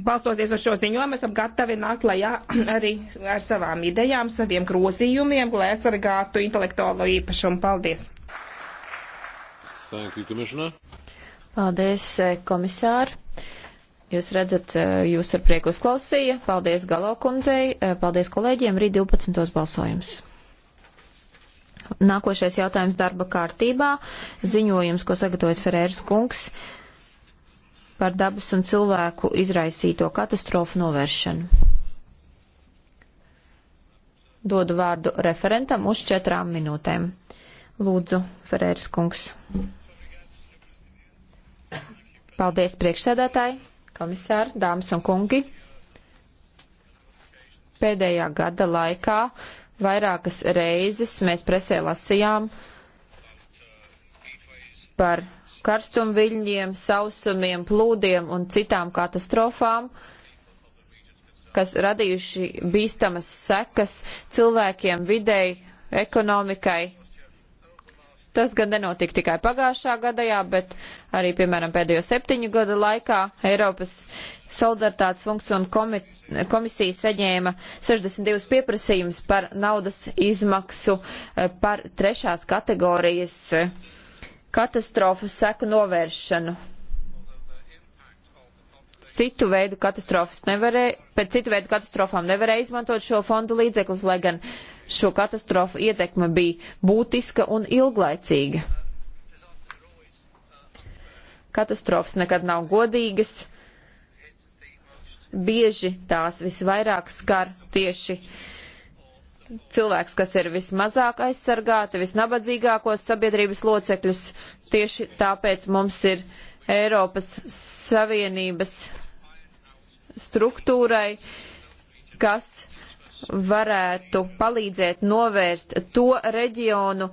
balstoties uz šo ziņojumu, esam gatavi nākt lajā arī ar savām idejām, saviem grozījumiem, lai aizsargātu intelektuālo īpašumu. Paldies! Thank you, Commissioner. Paldies, eh, komisāri! Jūs redzat, eh, jūs ar prieku uzklausīja. Paldies Galo kundzei, eh, paldies kolēģiem, rīt 12. balsojums. Nākošais jautājums darba kārtībā. Ziņojums, ko sagatavojas Ferēras kungs par dabas un cilvēku izraisīto katastrofu novēršanu. Dodu vārdu referentam uz četrām minūtēm. Lūdzu, Ferēras kungs. Paldies priekšsēdētāji, komisāri, dāmas un kungi. Pēdējā gada laikā vairākas reizes mēs presē lasījām par karstumviļņiem, sausumiem, plūdiem un citām katastrofām, kas radījuši bīstamas sekas cilvēkiem, videi, ekonomikai. Tas gan nenotika tikai pagājušā gadajā, bet arī, piemēram, pēdējo septiņu gada laikā Eiropas solidaritātes funkcija un komi komisija saņēma 62 pieprasījumus par naudas izmaksu eh, par trešās kategorijas uh, katastrofu seku novēršanu. Citu veidu katastrofas nevarēja, pēc citu veidu katastrofām nevarēja izmantot šo fondu līdzeklis, lai gan šo katastrofu ietekme bija būtiska un ilglaicīga. Katastrofas nekad nav godīgas bieži tās visvairāk skar tieši cilvēkus, kas ir vismazāk aizsargāti, visnabadzīgākos sabiedrības locekļus. Tieši tāpēc mums ir Eiropas Savienības struktūrai, kas varētu palīdzēt novērst to reģionu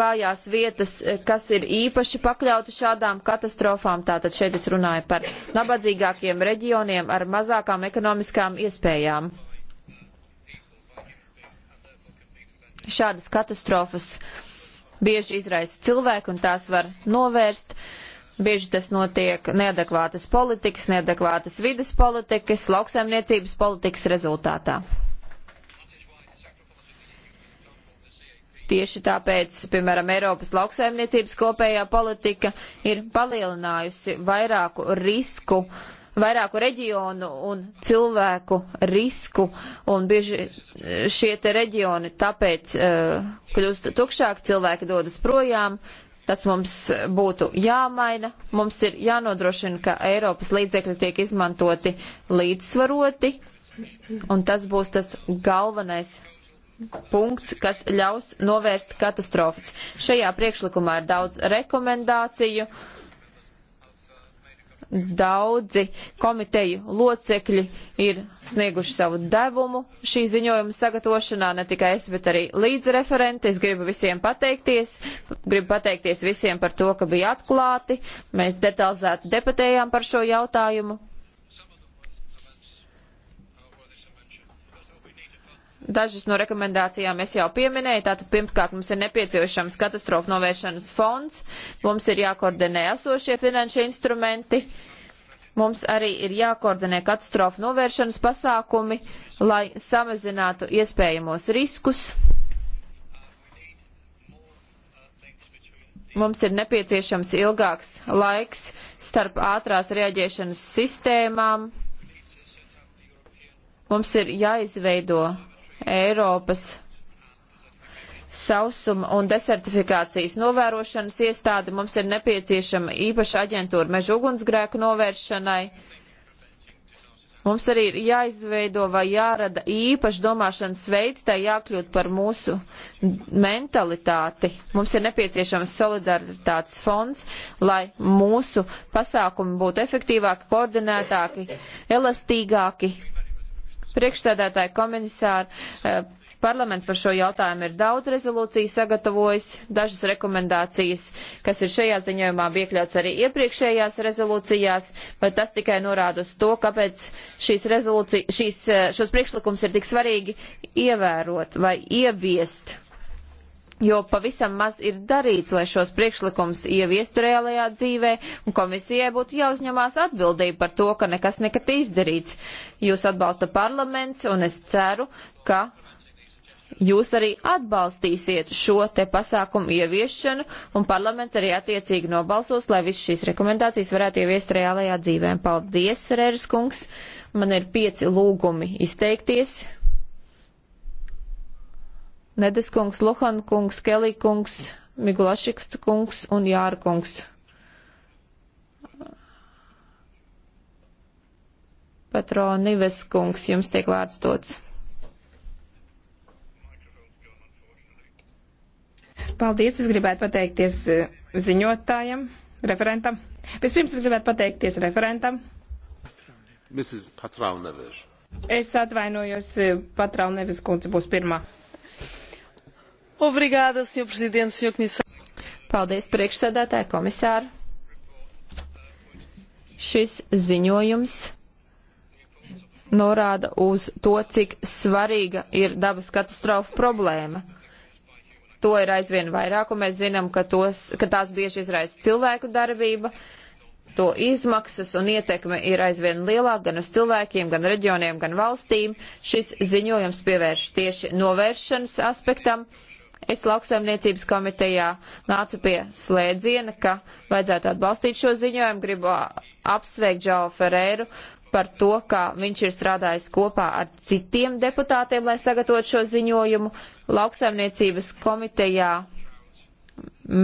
vājās vietas, kas ir īpaši pakļauti šādām katastrofām. Tātad šeit es runāju par nabadzīgākiem reģioniem ar mazākām ekonomiskām iespējām. Šādas katastrofas bieži izraisa cilvēku un tās var novērst. Bieži tas notiek neadekvātas politikas, neadekvātas vidas politikas, lauksaimniecības politikas rezultātā. Tieši tāpēc, piemēram, Eiropas lauksaimniecības kopējā politika ir palielinājusi vairāku risku uh, vairāku reģionu un cilvēku risku, un bieži šie te reģioni tāpēc uh, kļūst tukšāki, cilvēki dodas projām. Tas mums būtu jāmaina. Mums ir jānodrošina, ka Eiropas līdzekļi tiek izmantoti līdzsvaroti, un tas būs tas galvenais punkts, kas ļaus novērst katastrofas. Šajā priekšlikumā ir daudz rekomendāciju. Uh, Daudzi komiteju locekļi ir snieguši savu devumu šī ziņojuma sagatavošanā, ne tikai es, bet arī līdzreferenti. Es gribu visiem pateikties, gribu pateikties visiem par to, ka bija atklāti. Mēs detalizēti debatējām par šo jautājumu. Dažas no rekomendācijām es jau pieminēju. Tātad, pirmkārt, mums ir nepieciešams katastrofu novēršanas fonds, mums ir jākoordinē esošie finanšu instrumenti, mums arī ir jākoordinē katastrofu novēršanas pasākumi, lai samazinātu iespējamos riskus. Mums ir nepieciešams ilgāks laiks starp ātrās reaģēšanas sistēmām. Mums ir jāizveido Eiropas sausuma un desertifikācijas novērošanas iestāde. Mums ir nepieciešama īpaša aģentūra meža ugunsgrēku novēršanai. Mums arī ir jāizveido vai jārada īpaši domāšanas veids, tā jākļūt par mūsu mentalitāti. Mums ir nepieciešams solidaritātes fonds, lai mūsu pasākumi būtu efektīvāki, koordinētāki, elastīgāki priekšsēdētāji komisāri. Eh, parlaments par šo jautājumu ir daudz rezolūciju sagatavojis, dažas rekomendācijas, kas ir šajā ziņojumā iekļauts arī iepriekšējās rezolūcijās, bet tas tikai norāda uz to, kāpēc šīs šīs, eh, šos priekšlikums ir tik svarīgi ievērot vai ieviest jo pavisam maz ir darīts, lai šos priekšlikums ieviestu reālajā dzīvē, un komisijai būtu jāuzņemās atbildība par to, ka nekas nekat izdarīts. Jūs atbalsta parlaments, un es ceru, ka jūs arī atbalstīsiet šo te pasākumu ieviešanu, un parlaments arī attiecīgi nobalsos, lai viss šīs rekomendācijas varētu ieviest reālajā dzīvē. Paldies, Ferēras kungs! Man ir pieci lūgumi izteikties. Nedes kungs, Luhan kungs, Kelī kungs, Migulašiks kungs un Jāra kungs. Petro Nives kungs, jums tiek vārds dots. Paldies, es gribētu pateikties eh, ziņotājam, referentam. Vispirms es gribētu pateikties referentam. Mrs. Patraunevis. Es atvainojos, eh, Patraunevis kundze būs pirmā. Obrigada, Sr. Presidente, Sr. Komisār. Paldies, priekšsēdētāji komisāri. Šis ziņojums norāda uz to, cik svarīga ir dabas katastrofa problēma. To ir aizvien vairāk, un mēs zinām, ka, tos, ka tās bieži izraisa cilvēku darbība, to izmaksas un ietekme ir aizvien lielāka gan uz cilvēkiem, gan reģioniem, gan valstīm. Šis ziņojums pievērš tieši novēršanas aspektam, Es lauksaimniecības komitejā nācu pie slēdziena, ka vajadzētu atbalstīt šo ziņojumu. Gribu apsveikt Džau Ferēru par to, ka viņš ir strādājis kopā ar citiem deputātiem, lai sagatavotu šo ziņojumu. Lauksaimniecības komitejā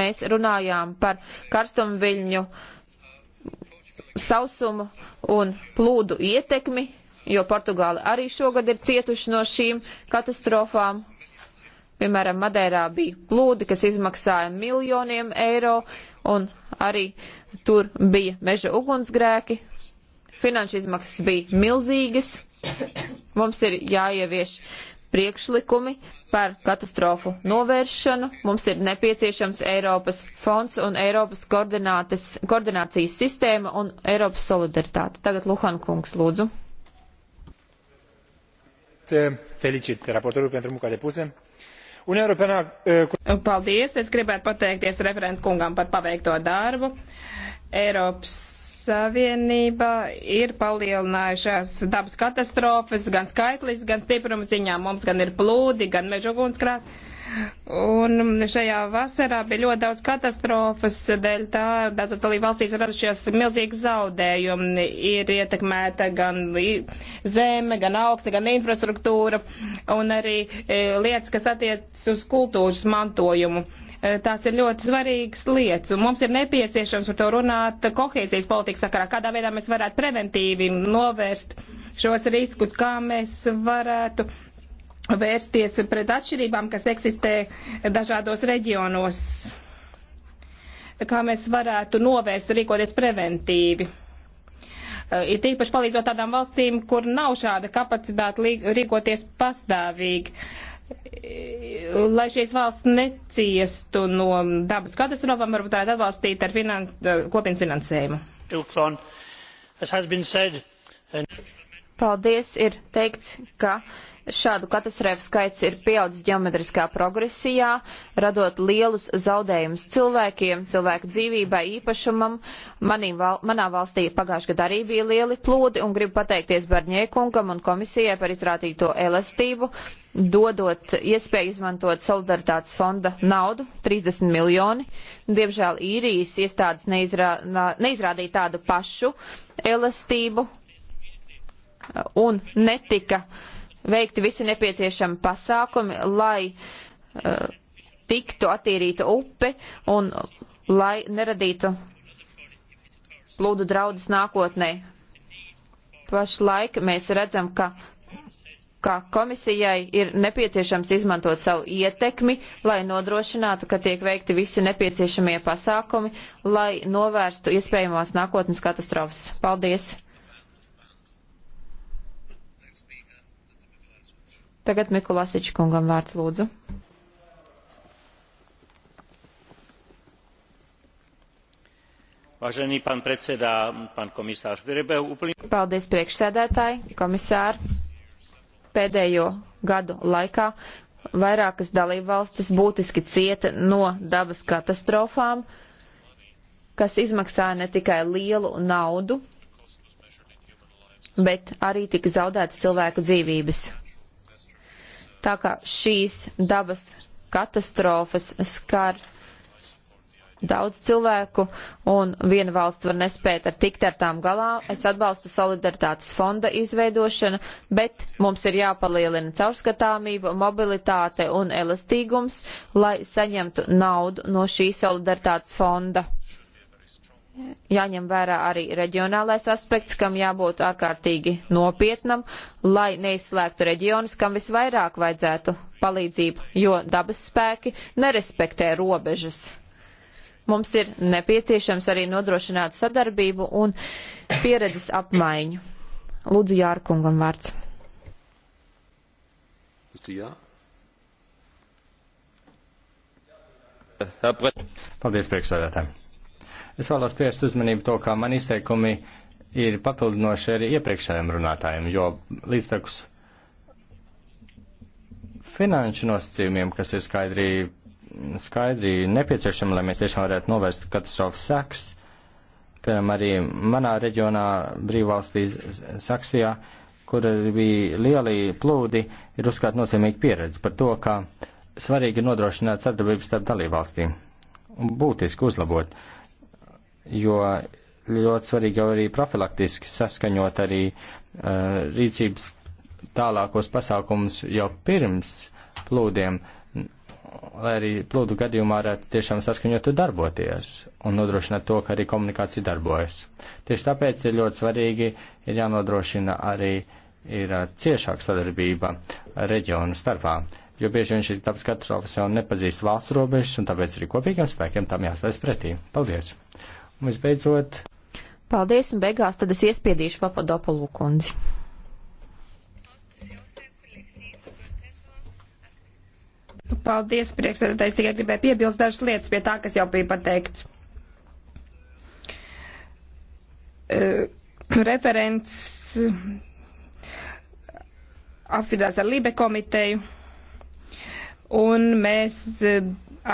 mēs runājām par karstumviļņu sausumu un plūdu ietekmi, jo Portugāla arī šogad ir cietuši no šīm katastrofām. Piemēram, Madeirā bija plūdi, kas izmaksāja miljoniem eiro, un arī tur bija meža ugunsgrēki. Finanšu izmaksas bija milzīgas. Mums ir jāievieš priekšlikumi par katastrofu novēršanu. Mums ir nepieciešams Eiropas fonds un Eiropas koordinācijas sistēma un Eiropas solidaritāte. Tagad Luhan kungs, lūdzu. Felicit raportorul pentru munca depusă Un Eiropenā. Eh, Paldies! Es gribētu pateikties referentu kungam par paveikto darbu. Eiropas Savienība ir palielinājušās dabas katastrofas gan skaitlis, gan stiprums ziņā. Mums gan ir plūdi, gan mežugunskrāt. Un šajā vasarā bija ļoti daudz katastrofas, dēļ tā daudzas dalība valstīs radušies milzīgi zaudējumi. Ir ietekmēta gan zeme, gan augsta, gan infrastruktūra un arī e, lietas, kas attiec uz kultūras mantojumu. E, tās ir ļoti svarīgas lietas, un mums ir nepieciešams par to runāt kohēzijas politikas sakarā, kādā veidā mēs varētu preventīvi novērst šos riskus, kā mēs varētu uh, vērsties pret atšķirībām, kas eksistē dažādos reģionos. Kā mēs varētu novērst rīkoties preventīvi? Uh, ir tīpaši palīdzot tādām valstīm, kur nav šāda kapacitāte rīkoties pastāvīgi uh, lai šīs valsts neciestu no dabas katastrofām, varbūt tā atbalstīt ar finan uh, kopienas finansējumu. Paldies, ir teikts, ka Šādu katastrofu skaits ir pieaudzis geometriskā progresijā, radot lielus zaudējumus cilvēkiem, cilvēku dzīvībai, īpašumam. Manī, val, manā valstī pagājušajā gadā arī bija lieli plūdi un gribu pateikties Barņēkungam un komisijai par izrādīto elastību dodot iespēju izmantot solidaritātes fonda naudu, 30 miljoni. Diemžēl īrijas iestādes neizrā, neizrādīja tādu pašu elastību un netika uh, veikti visi nepieciešami pasākumi, lai uh, tiktu attīrīta upe un lai neradītu plūdu draudus nākotnē. Pašlaik mēs redzam, ka, ka komisijai ir nepieciešams izmantot savu ietekmi, lai nodrošinātu, ka tiek veikti visi nepieciešamie pasākumi, lai novērstu iespējamās nākotnes katastrofas. Paldies! Tagad Mikulasič kungam vārds lūdzu. Vážený pán predseda, pán komisár, v priebehu úplne... Paldies priekšsēdētāji, komisāri. Pēdējo gadu laikā vairākas dalībvalstis būtiski cieta no dabas katastrofām, kas izmaksāja ne tikai lielu naudu, bet arī tika zaudētas cilvēku dzīvības tā kā šīs dabas katastrofas skar daudz cilvēku un viena valsts var nespēt ar tikt ar tām galā. Es atbalstu solidaritātes fonda izveidošanu, bet mums ir jāpalielina caurskatāmība, mobilitāte un elastīgums, lai saņemtu naudu no šī solidaritātes fonda jāņem vērā arī reģionālais aspekts, kam jābūt ārkārtīgi nopietnam, lai neizslēgtu reģionus, kam visvairāk vajadzētu palīdzību, jo dabas spēki nerespektē robežas. Mums ir nepieciešams arī nodrošināt sadarbību un pieredzes apmaiņu. Lūdzu, Jārkungam vārds. Paldies, priekšsēdētāji. Es vēlos pievērst uzmanību to, kā man izteikumi ir papildinoši arī iepriekšējiem runātājiem, jo līdztekus finanšu nosacījumiem, kas ir skaidri, skaidri nepieciešami, lai mēs tiešām varētu novērst katastrofas seks, piemēram, arī manā reģionā, brīvvalstī Saksijā, kur bija lieli plūdi, ir uzskatīt nozīmīgi pieredze par to, ka svarīgi ir nodrošināt sadarbību starp dalībvalstīm un būtiski uzlabot uh, jo ļoti svarīgi jau arī profilaktiski saskaņot arī uh, rīcības tālākos pasākumus jau pirms plūdiem, lai arī plūdu gadījumā varētu tiešām saskaņotu darboties un nodrošināt to, ka arī komunikācija darbojas. Tieši tāpēc ir ļoti svarīgi, ir jānodrošina arī ir uh, ciešāka sadarbība reģionu starpā, jo bieži vien šīs dabas katastrofas jau nepazīst valsts robežas, un tāpēc arī kopīgiem spēkiem tam jāstais pretī. Paldies! Un visbeidzot. Paldies, un beigās tad es iespiedīšu Papadopolu kundzi. Paldies, priekšsēdētājs, tikai gribēju piebilst dažas lietas pie tā, kas jau bija pateikts. Uh, referents eh, apsvērdās ar Libe komiteju, un mēs eh,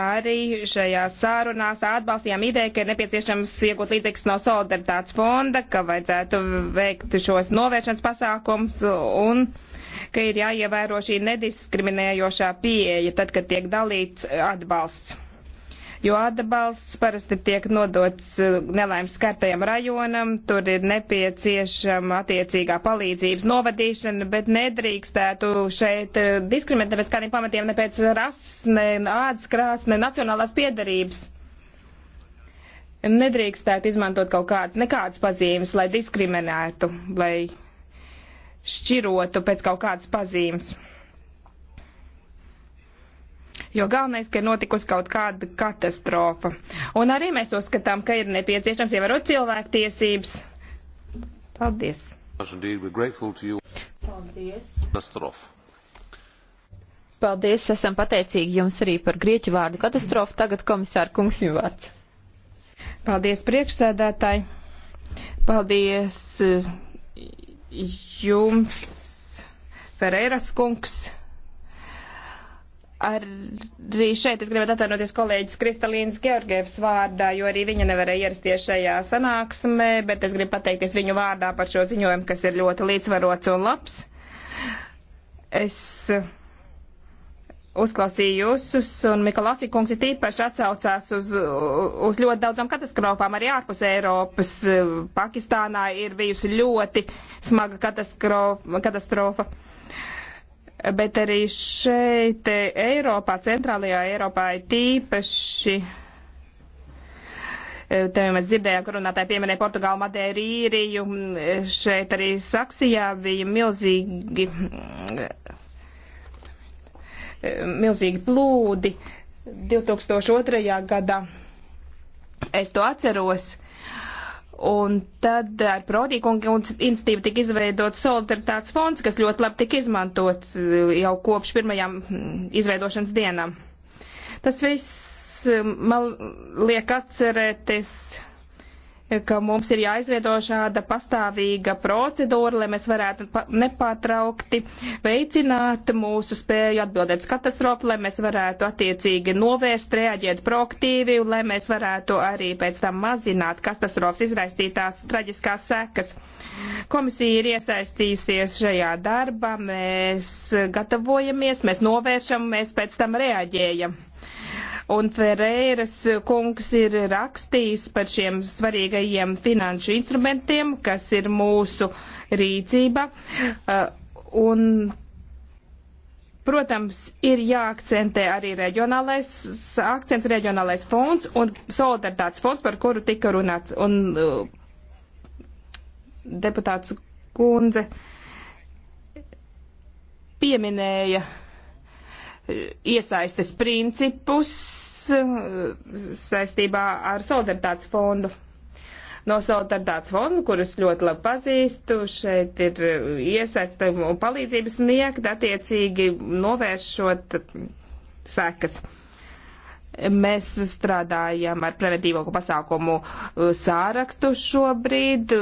arī šajā sārunās atbalstījām ideju, ka ir nepieciešams iegūt līdzekļus no solidaritātes fonda, ka vajadzētu veikt šos novēršanas pasākums un ka ir jāievēro šī nediskriminējošā pieeja tad, kad tiek dalīts atbalsts jo atbalsts parasti tiek nodots eh, nelaimes skartajam rajonam, tur ir nepieciešama attiecīgā palīdzības novadīšana, bet nedrīkstētu šeit eh, diskriminēt ne pēc kādiem pamatiem, ne pēc rases, ne ādas krāsas, ne nacionālās piedarības nedrīkstētu izmantot kaut kādas, nekādas pazīmes, lai diskriminētu, lai šķirotu pēc kaut kādas pazīmes jo galvenais, ka ir notikusi kaut kāda katastrofa. Un arī mēs uzskatām, ka ir nepieciešams ievērot cilvēktiesības. Paldies! Paldies! Katastrofa! Paldies, esam pateicīgi jums arī par grieķu vārdu katastrofu. Tagad komisāra kungs jums vārds. Paldies, priekšsēdētāji. Paldies eh, jums, Ferēras kungs arī šeit es gribētu atvainoties kolēģis Kristalīnas Georgievs vārdā, jo arī viņa nevarēja ierasties šajā sanāksmē, bet es gribu pateikties viņu vārdā par šo ziņojumu, kas ir ļoti līdzsvarots un labs. Es uzklausīju jūsus, un Mikolasi kungs ir tīpaši atsaucās uz, uz ļoti daudzām katastrofām, arī ārpus Eiropas. Pakistānā ir bijusi ļoti smaga katastrofa. katastrofa bet arī šeit eh, Eiropā, centrālajā Eiropā ir tīpaši. Eh, te mēs dzirdējām, ka runātāji pieminēja Portugālu, Madeiru, Īriju. Šeit arī Saksijā bija milzīgi, milzīgi plūdi 2002. gadā. Es to atceros. Un tad ar Prodīkunga institīvu tika izveidot solidaritātes fonds, kas ļoti labi tika izmantots eh, jau kopš pirmajām hm, izveidošanas dienām. Tas viss eh, man liek atcerēties ka mums ir jāizveido šāda pastāvīga procedūra, lai mēs varētu nepārtraukti veicināt mūsu spēju atbildēt uz katastrofu, lai mēs varētu attiecīgi novērst, reaģēt proaktīvi un lai mēs varētu arī pēc tam mazināt katastrofas izraisītās traģiskās sekas. Komisija ir iesaistījusies šajā darbā, mēs gatavojamies, mēs novēršam, mēs pēc tam reaģējam un Ferreiras kungs ir rakstījis par šiem svarīgajiem finanšu instrumentiem, kas ir mūsu rīcība. Uh, un, protams, ir jāakcentē arī reģionālais, akcents reģionālais fonds un solidaritātes fonds, par kuru tika runāts. Un uh, deputāts Kunze pieminēja iesaistes principus eh, saistībā ar solidaritātes fondu. No solidaritātes fonda, kurus ļoti labi pazīstu, šeit ir iesaista un palīdzības sniegt, attiecīgi novēršot sekas. Mēs strādājam ar preventīvo pasākumu eh, sārakstu šobrīd,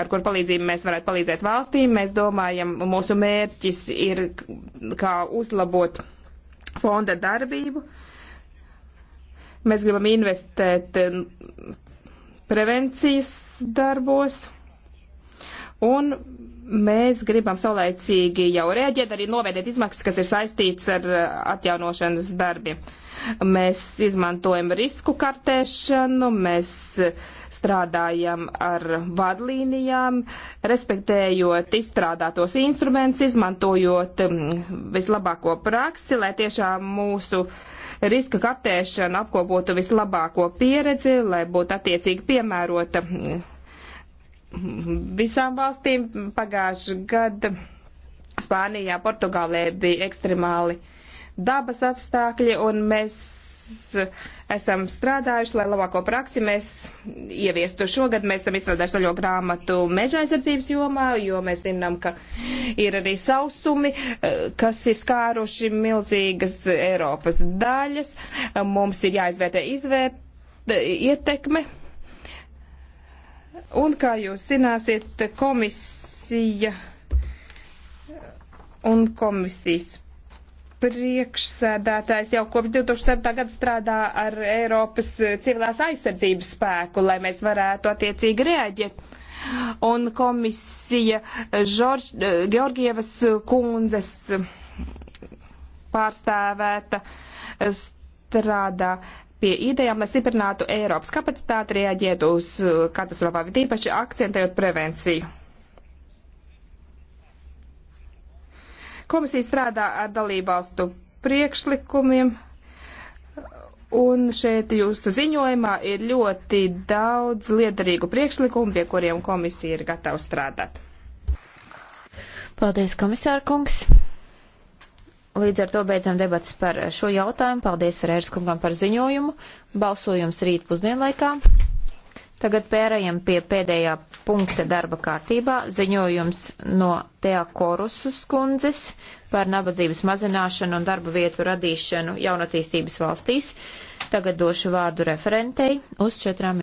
ar kur palīdzību mēs varētu palīdzēt valstīm. Mēs domājam, mūsu mērķis ir kā uzlabot fonda darbību. Mēs gribam investēt eh, prevencijas darbos, un mēs gribam saulēcīgi jau rēģēt, arī novērtēt izmaksas, kas ir saistīts ar eh, atjaunošanas darbiem. Mēs izmantojam risku kartēšanu, mēs uh, strādājam ar vadlīnijām, respektējot izstrādātos instrumentus, izmantojot mm, vislabāko praksi, lai tiešām mūsu riska kartēšana apkopotu vislabāko pieredzi, lai būtu attiecīgi piemērota mm, visām valstīm. Pagājuši gadu Spānijā, Portugālē bija ekstremāli dabas apstākļi, un mēs esam strādājuši, lai labāko praksi mēs ieviestu šogad. Mēs esam izstrādājuši zaļo grāmatu meža aizsardzības jomā, jo mēs zinām, ka ir arī sausumi, eh, kas ir skāruši milzīgas Eiropas daļas. Mums ir jāizvērtē izvērt, ietekme. Un kā jūs zināsiet, komisija un komisijas priekšsēdētājs jau kopš 2007. gada strādā ar Eiropas civilās aizsardzības spēku, lai mēs varētu attiecīgi reaģēt. Un komisija Žorž, Georgievas kundzes pārstāvēta strādā pie idejām, lai stiprinātu Eiropas kapacitāti reaģēt uz katastrofām, tīpaši akcentējot prevenciju. Komisija strādā ar dalībvalstu priekšlikumiem. Un šeit jūsu ziņojumā ir ļoti daudz liederīgu priekšlikumu, pie kuriem komisija ir gatava strādāt. Paldies, komisāra kungs! Līdz ar to beidzam debats par šo jautājumu. Paldies Ferēras kungam par ziņojumu. Balsojums rīt pusdienlaikā. Tagad pērējam pie pēdējā punkta darba kārtībā ziņojums no Tea Korusus kundzes par nabadzības mazināšanu un darba vietu radīšanu jaunatīstības valstīs. Tagad došu vārdu referentei uz četrām.